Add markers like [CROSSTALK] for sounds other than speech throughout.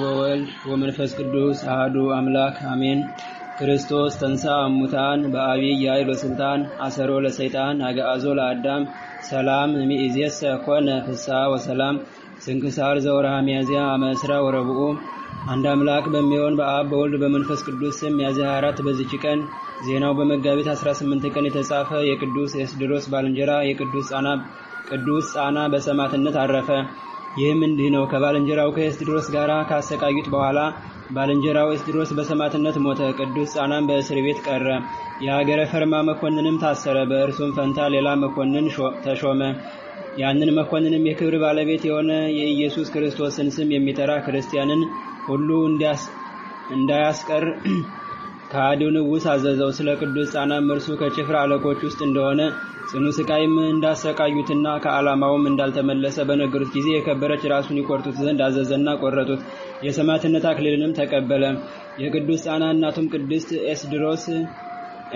ወወልድ ወመንፈስ ቅዱስ አህዱ አምላክ አሜን። ክርስቶስ ተንሳ አሙታን በአብይ ያይ ወስልጣን አሰሮ ለሰይጣን አግዓዞ ለአዳም ሰላም ሚእዜሰ ኮነ ፍስሐ ወሰላም። ስንክሳር ዘወርሃ ሚያዝያ አመስራ ወረብኡ አንድ አምላክ በሚሆን በአብ በወልድ በመንፈስ ቅዱስ ስም ሚያዝያ 24 በዚች ቀን ዜናው በመጋቢት 18 ቀን የተጻፈ የቅዱስ ኤስድሮስ ባልንጀራ የቅዱስ ጻና ቅዱስ ጻና በሰማዕትነት አረፈ። ይህም እንዲህ ነው። ከባልንጀራው ከእስድሮስ ጋር ካሰቃዩት በኋላ ባልንጀራው እስድሮስ በሰማዕትነት ሞተ። ቅዱስ ጻናም በእስር ቤት ቀረ። የሀገረ ፈርማ መኮንንም ታሰረ። በእርሱም ፈንታ ሌላ መኮንን ተሾመ። ያንን መኮንንም የክብር ባለቤት የሆነ የኢየሱስ ክርስቶስን ስም የሚጠራ ክርስቲያንን ሁሉ እንዳያስቀር [CLEARS THROAT] ከሃዲው ንጉሥ አዘዘው። ስለ ቅዱስ ሕፃናም እርሱ ከጭፍራ አለቆች ውስጥ እንደሆነ ጽኑ ስቃይም እንዳሰቃዩትና ከዓላማውም እንዳልተመለሰ በነገሩት ጊዜ የከበረች ራሱን ይቆርጡት ዘንድ አዘዘና ቆረጡት። የሰማዕትነት አክሊልንም ተቀበለ። የቅዱስ ጻና እናቱም ቅድስት ኤስድሮስ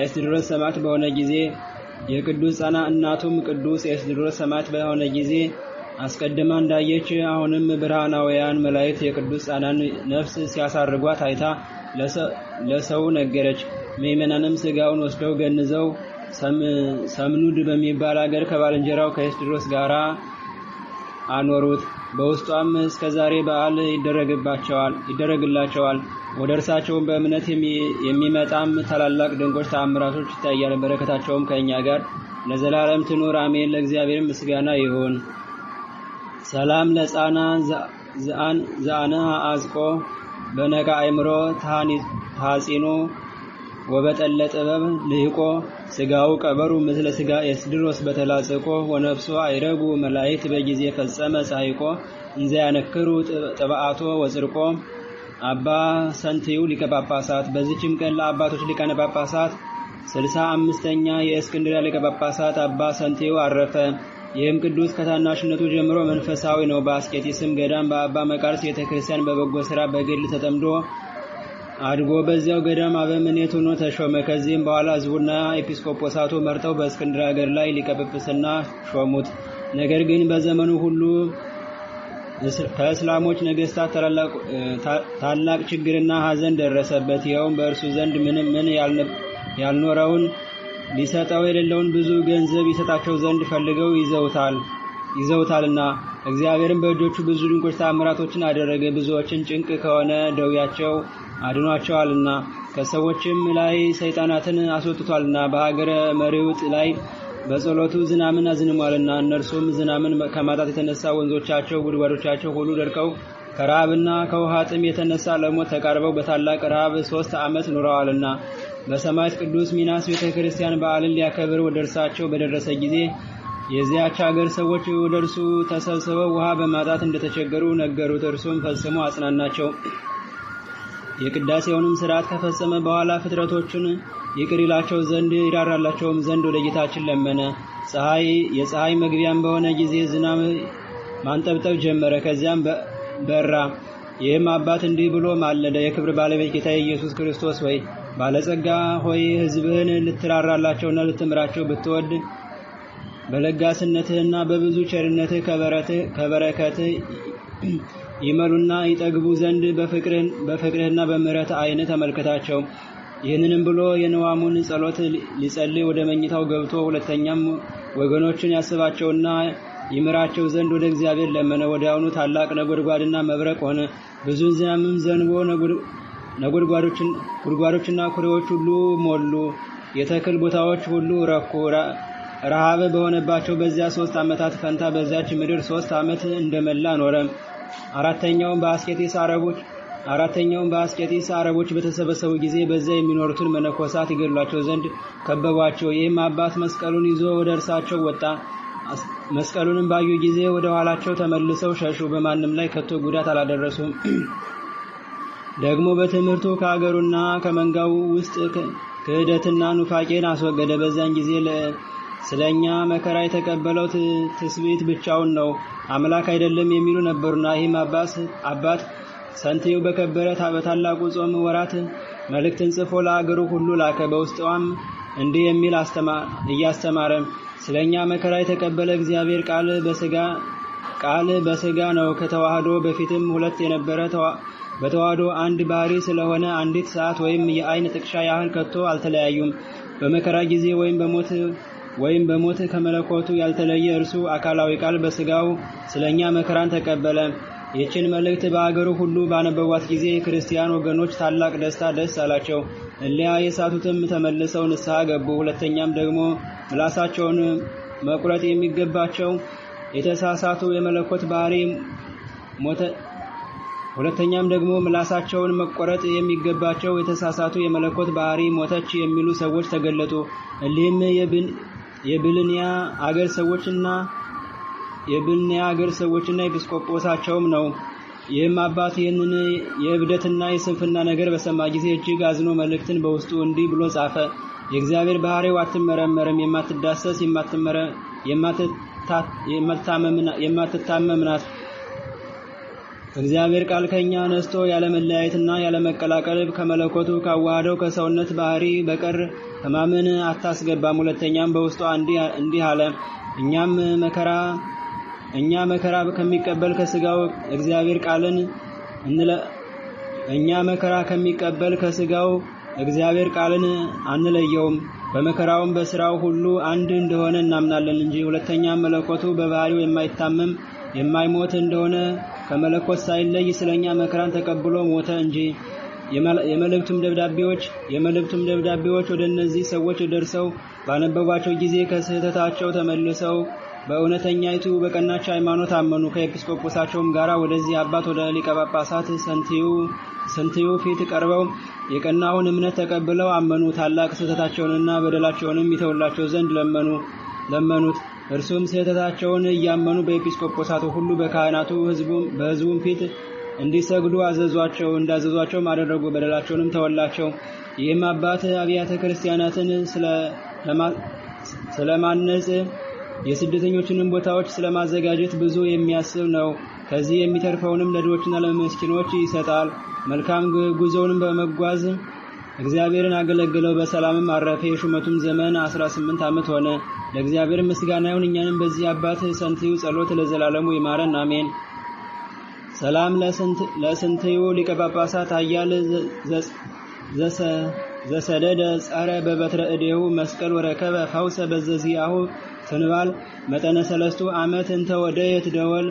ኤስድሮስ ሰማዕት በሆነ ጊዜ የቅዱስ ጻና እናቱም ቅዱስ ኤስድሮስ ሰማዕት በሆነ ጊዜ አስቀድማ እንዳየች አሁንም ብርሃናውያን መላእክት የቅዱስ ጻናን ነፍስ ሲያሳርጓት አይታ ለሰው ነገረች። ምእመናንም ስጋውን ወስደው ገንዘው ሰምኑድ በሚባል አገር ከባልንጀራው ከኤስድሮስ ጋራ አኖሩት። በውስጧም እስከዛሬ በዓል ይደረግባቸዋል ይደረግላቸዋል። ወደ እርሳቸውም በእምነት የሚመጣም ታላላቅ ድንቆች ተአምራቶች ይታያል። በረከታቸውም ከእኛ ጋር ለዘላለም ትኑር አሜን። ለእግዚአብሔር ምስጋና ይሁን። ሰላም ለጻና ዘአነሃ አዝቆ በነቃ አእምሮ ታጺኖ ወበጠለ ጥበብ ልህቆ ስጋው ቀበሩ ምስለ ስጋ ኤስድሮስ በተላጽቆ ወነፍሶ አይረጉ መላእክት በጊዜ ፈጸመ ሳይቆ እንዘ ያነክሩ ጥብአቶ ወጽርቆ አባ ሰንትዩ ሊቀ ጳጳሳት። በዚችም ቀን ለአባቶች ሊቃነ ጳጳሳት ስልሳ አምስተኛ የእስክንድሪያ ሊቀ ጳጳሳት አባ ሰንትዩ አረፈ። ይህም ቅዱስ ከታናሽነቱ ጀምሮ መንፈሳዊ ነው። በአስቄጢስም ገዳም በአባ መቃርስ ቤተክርስቲያን በበጎ ስራ በግል ተጠምዶ አድጎ በዚያው ገዳም አበምኔት ሆኖ ተሾመ። ከዚህም በኋላ ሕዝቡና ኤጲስቆጶሳቱ መርጠው በእስክንድር ሀገር ላይ ሊቀ ሾሙት። ነገር ግን በዘመኑ ሁሉ ከእስላሞች ነገስታት ታላቅ ችግርና ሀዘን ደረሰበት። ይኸውም በእርሱ ዘንድ ምንም ምን ያልኖረውን ሊሰጠው የሌለውን ብዙ ገንዘብ ይሰጣቸው ዘንድ ፈልገው ይዘውታል ይዘውታልና እግዚአብሔርም በእጆቹ ብዙ ድንቆች ታምራቶችን አደረገ። ብዙዎችን ጭንቅ ከሆነ ደውያቸው አድኗቸዋልና ከሰዎችም ላይ ሰይጣናትን አስወጥቷልና በሀገረ መሪውጥ ላይ በጸሎቱ ዝናምን አዝንሟልና እነርሱም ዝናምን ከማጣት የተነሳ ወንዞቻቸው፣ ጉድጓዶቻቸው ሁሉ ደርቀው ከረሃብና ከውሃ ጥም የተነሳ ለሞት ተቃርበው በታላቅ ረሃብ ሶስት ዓመት ኑረዋልና በሰማዕት ቅዱስ ሚናስ ቤተ ክርስቲያን በዓልን ሊያከብር ወደ እርሳቸው በደረሰ ጊዜ የዚያች ሀገር ሰዎች ወደ እርሱ ተሰብስበው ውሃ በማጣት እንደተቸገሩ ነገሩት። እርሱም ፈጽሞ አጽናናቸው። የቅዳሴውንም ስርዓት ከፈጸመ በኋላ ፍጥረቶቹን ይቅር ይላቸው ዘንድ ይራራላቸውም ዘንድ ወደ ጌታችን ለመነ። ፀሐይ የፀሐይ መግቢያም በሆነ ጊዜ ዝናብ ማንጠብጠብ ጀመረ። ከዚያም በራ። ይህም አባት እንዲህ ብሎ ማለደ። የክብር ባለቤት ጌታ ኢየሱስ ክርስቶስ ወይ ባለጸጋ ሆይ ሕዝብህን ልትራራላቸውና ልትምራቸው ብትወድ በለጋስነትህና በብዙ ቸርነትህ ከበረከትህ ይመሉና ይጠግቡ ዘንድ በፍቅርህና በምሕረት ዓይን ተመልከታቸው። ይህንንም ብሎ የንዋሙን ጸሎት ሊጸልይ ወደ መኝታው ገብቶ ሁለተኛም ወገኖችን ያስባቸውና ይምራቸው ዘንድ ወደ እግዚአብሔር ለመነ። ወዲያውኑ ታላቅ ነጎድጓድና መብረቅ ሆነ። ብዙ ዝናምም ዘንቦ ጉድጓዶችና ኩሬዎች ሁሉ ሞሉ። የተክል ቦታዎች ሁሉ ረኩ። ረሃብ በሆነባቸው በዚያ ሶስት ዓመታት ፈንታ በዚያች ምድር ሶስት ዓመት እንደመላ ኖረ። አራተኛውም በአስቄጢስ አረቦች አራተኛውም በአስቄጢስ አረቦች በተሰበሰቡ ጊዜ በዚያ የሚኖሩትን መነኮሳት ይገድሏቸው ዘንድ ከበቧቸው። ይህም አባት መስቀሉን ይዞ ወደ እርሳቸው ወጣ። መስቀሉንም ባዩ ጊዜ ወደ ኋላቸው ተመልሰው ሸሹ። በማንም ላይ ከቶ ጉዳት አላደረሱም። [CLEARS THROAT] ደግሞ በትምህርቱ ከአገሩና ከመንጋው ውስጥ ክህደትና ኑፋቄን አስወገደ። በዚያን ጊዜ ስለ እኛ መከራ የተቀበለው ትስብእት ብቻውን ነው አምላክ አይደለም የሚሉ ነበሩና ይህም አባት ሰንትው በከበረ በታላቁ ጾም ወራት መልእክትን ጽፎ ለአገሩ ሁሉ ላከ። በውስጥዋም እንዲህ የሚል እያስተማረ ስለ እኛ መከራ የተቀበለ እግዚአብሔር ቃል በስጋ ቃል በስጋ ነው ከተዋህዶ በፊትም ሁለት የነበረ በተዋህዶ አንድ ባህሪ ስለሆነ አንዲት ሰዓት ወይም የአይን ጥቅሻ ያህል ከቶ አልተለያዩም። በመከራ ጊዜ ወይም በሞት ወይም በሞት ከመለኮቱ ያልተለየ እርሱ አካላዊ ቃል በስጋው ስለኛ መከራን ተቀበለ። ይህችን መልእክት በአገሩ ሁሉ ባነበቧት ጊዜ የክርስቲያን ወገኖች ታላቅ ደስታ ደስ አላቸው። እሊያ የሳቱትም ተመልሰው ንስሐ ገቡ። ሁለተኛም ደግሞ ምላሳቸውን መቁረጥ የሚገባቸው የተሳሳቱ የመለኮት ባህሪ ሁለተኛም ደግሞ ምላሳቸውን መቆረጥ የሚገባቸው የተሳሳቱ የመለኮት ባህሪ ሞተች የሚሉ ሰዎች ተገለጡ። እሊህም የብልንያ አገር ሰዎችና የብልንያ አገር ሰዎችና ኤጲስቆጶሳቸውም ነው። ይህም አባት ይህንን የእብደትና የስንፍና ነገር በሰማ ጊዜ እጅግ አዝኖ መልእክትን በውስጡ እንዲህ ብሎ ጻፈ። የእግዚአብሔር ባህሪው አትመረመርም፣ የማትዳሰስ የማትታመም ናት። ከእግዚአብሔር ቃል ከእኛ ነስቶ ያለመለያየትና ያለመቀላቀል ከመለኮቱ ካዋሃደው ከሰውነት ባህሪ በቀር ሕማምን አታስገባም። ሁለተኛም በውስጧ እንዲህ አለ፣ እኛም መከራ እኛ መከራ ከሚቀበል ከስጋው እግዚአብሔር ቃልን እኛ መከራ ከሚቀበል ከስጋው እግዚአብሔር ቃልን አንለየውም። በመከራውም በስራው ሁሉ አንድ እንደሆነ እናምናለን እንጂ። ሁለተኛም መለኮቱ በባህሪው የማይታመም የማይሞት እንደሆነ ከመለኮት ሳይለይ ስለኛ መከራን ተቀብሎ ሞተ እንጂ የመልእክቱም ደብዳቤዎች የመልእክቱም ደብዳቤዎች ወደ እነዚህ ሰዎች ደርሰው ባነበቧቸው ጊዜ ከስህተታቸው ተመልሰው በእውነተኛይቱ በቀናች ሃይማኖት አመኑ። ከኤጲስቆጶሳቸውም ጋራ ወደዚህ አባት ወደ ሊቀ ጳጳሳት ሰንቲዩ ፊት ቀርበው የቀናውን እምነት ተቀብለው አመኑ። ታላቅ ስህተታቸውንና በደላቸውንም ይተውላቸው ዘንድ ለመኑ ለመኑት። እርሱም ስህተታቸውን እያመኑ በኤጲስቆጶሳቱ ሁሉ በካህናቱ በሕዝቡም ፊት እንዲሰግዱ አዘዟቸው። እንዳዘዟቸውም አደረጉ። በደላቸውንም ተወላቸው። ይህም አባት አብያተ ክርስቲያናትን ስለማነጽ የስደተኞችንም ቦታዎች ስለማዘጋጀት ብዙ የሚያስብ ነው። ከዚህ የሚተርፈውንም ለድሆችና ለመስኪኖች ይሰጣል። መልካም ጉዞውንም በመጓዝ እግዚአብሔርን አገለግለው በሰላምም አረፈ። የሹመቱም ዘመን 18 ዓመት ሆነ። ለእግዚአብሔር ምስጋና ይሁን። እኛንም በዚህ አባት ሰንትዩ ጸሎት ለዘላለሙ ይማረን፣ አሜን። ሰላም ለስንትዩ ሊቀ ጳጳሳት አያል ዘሰደደ ጸረ በበትረ እዴሁ መስቀል ወረከበ ፈውሰ በዘዚአሁ ትንባል መጠነ ሰለስቱ ዓመት እንተ ወደየት ደወል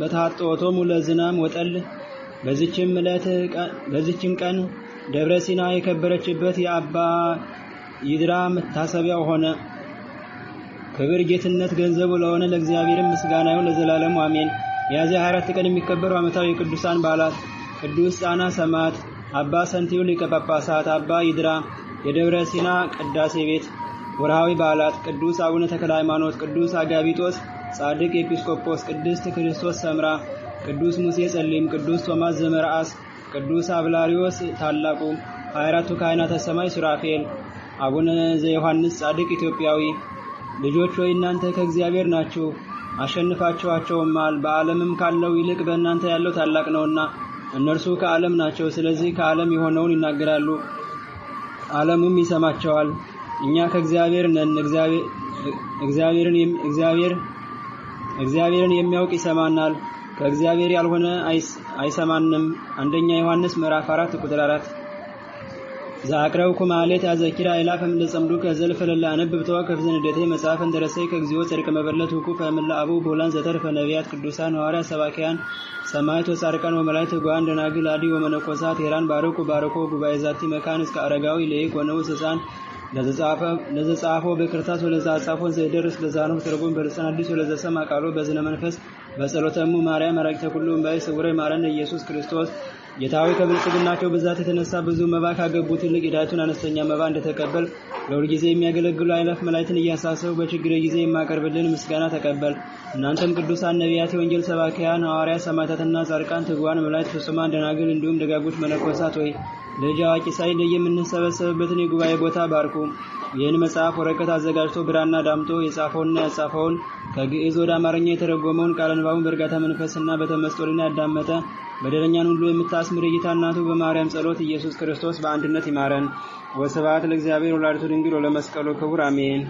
በተሃጦቶሙ ለዝናም ወጠል። በዚችም ቀን ደብረ ሲና የከበረችበት የአባ ይድራ መታሰቢያው ሆነ። ክብር ጌትነት ገንዘቡ ለሆነ ለእግዚአብሔር ምስጋና ይሁን ለዘላለሙ አሜን። ሚያዝያ 24 ቀን የሚከበሩ ዓመታዊ የቅዱሳን በዓላት ቅዱስ ጻና ሰማዕት፣ አባ ሰንቲው ሊቀ ጳጳሳት፣ አባ ይድራ የደብረ ሲና ቅዳሴ ቤት። ወርሃዊ በዓላት ቅዱስ አቡነ ተክለ ሃይማኖት፣ ቅዱስ አጋቢጦስ ጻድቅ ኤጲስቆጶስ፣ ቅድስት ክርስቶስ ሰምራ፣ ቅዱስ ሙሴ ጸሊም፣ ቅዱስ ቶማስ ዘመርአስ፣ ቅዱስ አብላሪዮስ ታላቁ፣ 24ቱ ካህናተ ሰማይ ሱራፌል አቡነ ዘዮሐንስ ጻድቅ ኢትዮጵያዊ ልጆች ሆይ እናንተ ከእግዚአብሔር ናችሁ፣ አሸንፋችኋቸውማል። በዓለምም ካለው ይልቅ በእናንተ ያለው ታላቅ ነውና እነርሱ ከዓለም ናቸው። ስለዚህ ከዓለም የሆነውን ይናገራሉ፣ ዓለሙም ይሰማቸዋል። እኛ ከእግዚአብሔር ነን። እግዚአብሔርን የሚያውቅ ይሰማናል፣ ከእግዚአብሔር ያልሆነ አይሰማንም። አንደኛ ዮሐንስ ምዕራፍ 4 ቁጥር 4 ዘአቅረብኩ ማለት አዘኪራ ኢላፈ እምለ ጸምዱከ ከዘል ፈለላ አነብብ ተዋከፍ ዘንደቴ መጽሐፈ እንደረሰይ ከግዚኦ ጽድቅ መበለት ውቁ ፈምላ አቡ ቦላን ዘተርፈ ነቢያት ቅዱሳን ሐዋርያ ሰባኪያን ሰማይት ወጻድቃን ወመላይት ጓን ደናግል አዲ ወመነኮሳት ሄራን ባረኩ ባረኮ ጉባኤ ዛቲ መካን እስከ አረጋዊ ለይክ ወነው ስሳን ለዘጻፈው በክርታስ ወለዛ ዘይደርስ ለዛኑም ትርጉም በልሳን አዲስ ወለዘሰማ ሰማ ቃሎ በዝነ መንፈስ በጸሎተሙ ማርያም አራቂተ ኩሉ እምባይ ስውረ ማረነ ኢየሱስ ክርስቶስ ጌታዊ ከብልጽግናቸው ብዛት የተነሳ ብዙ መባ ካገቡ ትልቅ ዕዳቱን አነስተኛ መባ እንደተቀበል ለሁል ጊዜ የሚያገለግሉ አይለፍ መላእክትን እያሳሰቡ በችግር ጊዜ የማቀርብልን ምስጋና ተቀበል። እናንተም ቅዱሳን ነቢያት፣ የወንጌል ሰባኪያን ሐዋርያት፣ ሰማዕታትና ጻድቃን፣ ትጉዋን መላእክት፣ ፍጹማን ደናግል እንዲሁም ደጋጎች መነኮሳት ወይ ልጅ አዋቂ ሳይል የምንሰበሰብበትን የጉባኤ ቦታ ባርኩ። ይህን መጽሐፍ ወረቀት አዘጋጅቶ ብራና ዳምጦ የጻፈውና ያጻፈውን ከግዕዝ ወደ አማርኛ የተረጎመውን ቃለ ንባቡን በእርጋታ መንፈስና በተመስጦ ያዳመጠ በደለኛን ሁሉ የምታስምር እይታ እናቱ በማርያም ጸሎት ኢየሱስ ክርስቶስ በአንድነት ይማረን። ወስብሐት ለእግዚአብሔር ወላዲቱ ድንግል ወለመስቀሉ ክቡር አሜን።